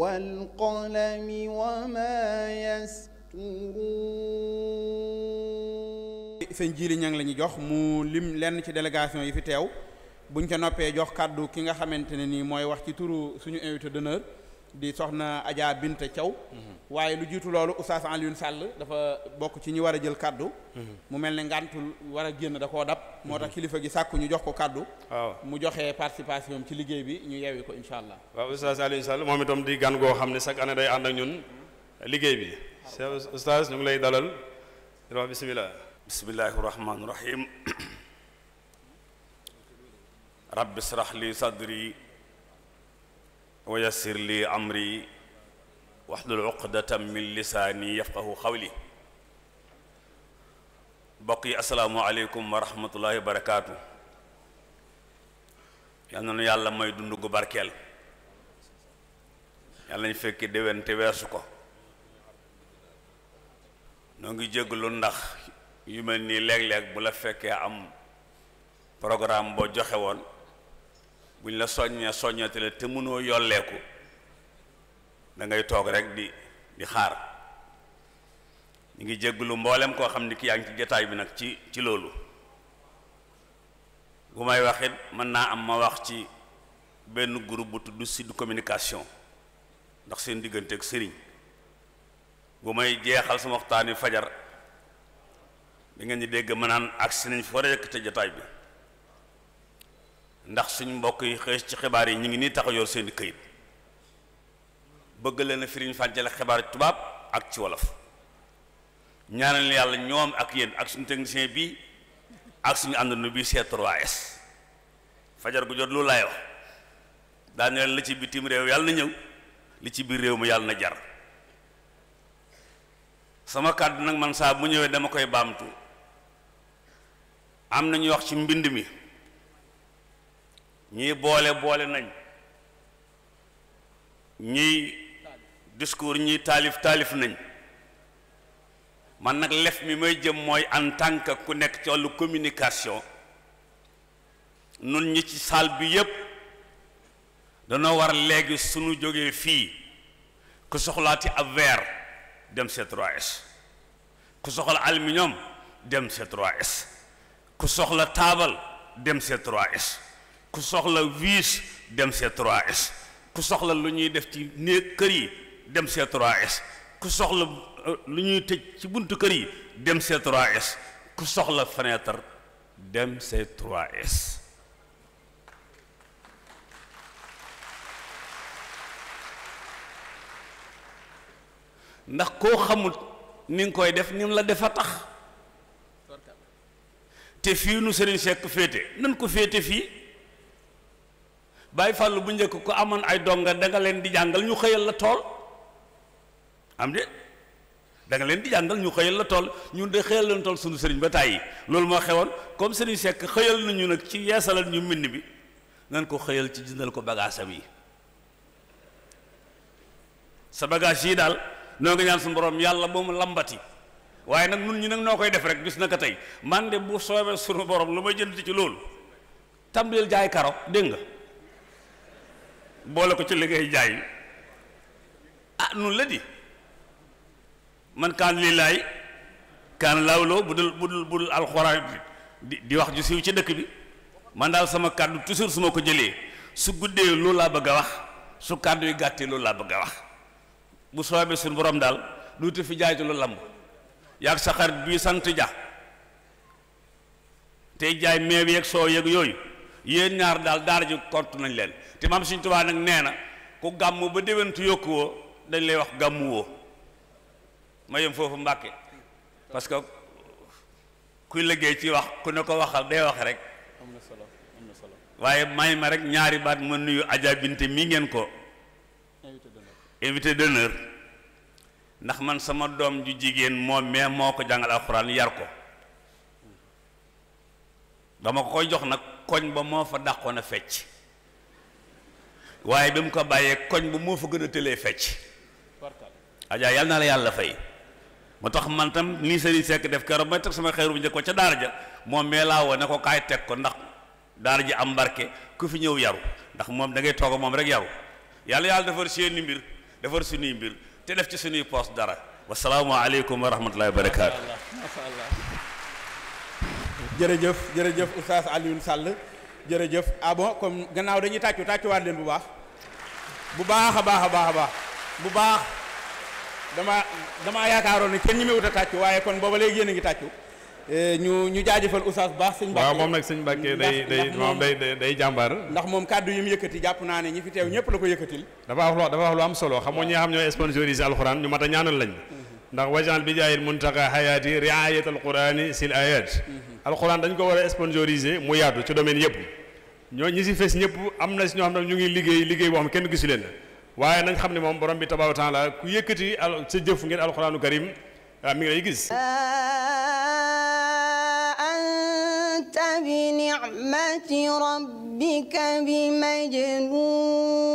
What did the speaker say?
والقلم وما يسطرون sëñ Jili Ñang la ñu jox mu lim lenn ci délégation yi fi teew buñ ca noppee jox kàddu ki nga xamante ne nii mooy wax ci turu suñu invité d'honneur di soxna Adja Binta Thiaw mhm. waaye lu jiitu loolu Oustaz Alioune Sall dafa bokk ci ñu war a jël kàddu mhm. mu mel ne ngàntul war génn da koo dab moo tax kilifa gi sàkku ñu jox ko kàddu waaw mu joxe participation ci liggéey bi ñu yeewi ko incha allah waaw oustaz Alioune Sall moom itam di gan goo xam ne chaque année day ànd ak ñun liggéey bi oustaz ñu ngi lay dalal di wax bisimilah bismillahi rahmaani rahim rabbi srah li sadri wa yassir li amri wahlul uqdatan min lisaani yafqahu qawli mbokk yi asalaamaaleykum wa rahmatullahi wa barakaatu yal na nu yàlla may dund gu barkeel yàlla nañ fekki déwén te weesu ko noo ngi jéglu ndax yu mel nii léeg-léeg bu la fekkee am programme boo joxe woon buñ la soññee soññate la te mënoo yolleeku dangay toog rek di di xaar ñu ngi jégglu mbooleem koo xam ni ki yaa ngi ci jataay bi nag ci ci loolu bu may waxit mën naa am ma wax ci benn groupe bu tudd Sud Communication ndax seen diggante ak sëriñ bu may jeexal suma waxtaani fajar bi ngeen di dégg ma naan ak nañ fa war te yëkkate jataay bi ndax suñ mbokk yi xëy ci xibaar yi ñu ngi nii tax a yor seen i këyit bëgg leen a firiñ fànjale xibaar tubaab ak ci wolof ñaanal yàlla ñoom ak yéen ak suñu technicien bi ak suñu àndandoo bi C3S fajar gu jot lu laay wax daan la ci bitim réew yàlla na ñëw li ci biir réew mi yàlla na jar sama kàddu nag man saa bu ñëwee dama koy baamtu am na ñu wax ci mbind mi ñuy boole boole nañ ñuy discours ñuy taalif taalif nañ man nag lef mi may jëm mooy en tant que ku nekk ci wàllu communication nun ñi ci salle bi yépp dana war léegi suñu jógee fii ku soxlaati ab weer dem C3S ku soxla aluminium dem C3S ku soxla taabal dem C3S ku soxla vis dem C3S ku soxla lu ñuy def ci néeg kër yi dem C3S ku soxla euh, lu ñuy tëj ci buntu kër yi dem C3S ku soxla fenêtre dem C3S ndax koo xamul ni nga koy def ni mu la defa tax te fii nu Serigne Seck féete nan ko féete fii bàyyi fàllu bu njëkk ku amoon ay donga da nga leen di jàngal ñu xëyal la tool am de da leen di jàngal ñu xëyal la tool ñun de xëyal leen tool suñu sëriñ ba tàyyi loolu moo xewoon comme sëriñ Seck xëyal nañu nag ci yeesalal ñu mbind bi nan ko xëyal ci jëndal ko bagaasam yi sa bagage yi daal noo ngi ñaan suñu borom yàlla boo mu lambati waaye nag nun ñu nag noo koy def rek bis na ko tey man de bu soobee suñu borom lu may jënd ci loolu tàmbaleel jaay karo dégg nga boole ko ci li ngay jaay ah nun la di man kaan laay kaan laawloo bu dul bu dul bu dul alxuraan di di wax ju siiw ci dëkk bi man daal sama kàddu toujours su ma ko jëlee su guddee loolu laa bëgg a wax su kàddu yi gàttee loolu laa bëgg a wax bu soobee suñu borom daal duuti fi jaaytu lu lamb yaag sa xarit bii sant ja tey jaay meew yeeg soo yeeg yooyu yéen ñaar daal daal ji kont nañ leen te maam Sëriñ Tuubaa nag nee na ku gàmm ba déwéntu yokku dañ lay wax gàmmuwoo ma foofu mbàkke parce que kuy liggéey ci wax ku ne ko waxal day wax rek am waaye may ma rek ñaari baat ma nuyu Adja Binté mii ngeen ko invité d'honneur ndax man sama doom ju jigéen moom mais moo ko jàngal alxuraan yar ko dama ko koy jox nag koñ ba moo fa dàqoon a fecc waaye bi mu ko bàyyee koñ ba moo fa gën a tëlee fecc Adja yal naa la yàlla fay moo tax man tam lii Serigne Seck def keroog may teg sama xeer bu njëkk ko ca daara ja moom mee laa woo ko kaay teg ko ndax daara ji am barke ku fi ñëw yaru ndax moom da ngay toog moom rek yaru yàlla yàlla defar seeni mbir defar suñuy mbir te def ci suñuy poos dara wasalaamualeykum wa rahmatullahi wa barakaatu jërëjëf jërëjëf oustaz Alioune sàll jërëjëf ah bon comme gannaaw dañuy tàccu tàccuwaat leen bu baax baax a baax a baax a baax bu baax dama damaa yaakaaroon ne kenn ñi mewut a tàccu waaye kon booba léegi génn ngi tàccu eh, ñu ñu jaajëfal oustaz baax sëñ Mbàkke waaw moom nag sëñ Mbàkke day day moom day ndax moom kàddu yi mu yëkkati jàpp naa ne ñi fi teew ñëpp la ko yëkkatil dafa wax lu dafa am solo xam nga ñi nga xam ñooy sponsorisé alxuraan ñu mat a ñaanal lañ mm-hmm. ndax wajal bi jaayil muntaqa hayaati riayat alqurani sil ayat mm-hmm. alxuraan dañ ko war a sponsorisé mu yaatu ci domaine yëpp ñoo ñi si fees ñëpp am na si ñoo ñu ngi liggéey liggéey boo xam kenn gisu leen waaye nañ xam ne moom borom bi tabaaraka taala ku yëkkati al sa jëf ngeen alxuraanu karim ah, mi ngi lay gis anta bi ni'mati rabbika bi majnun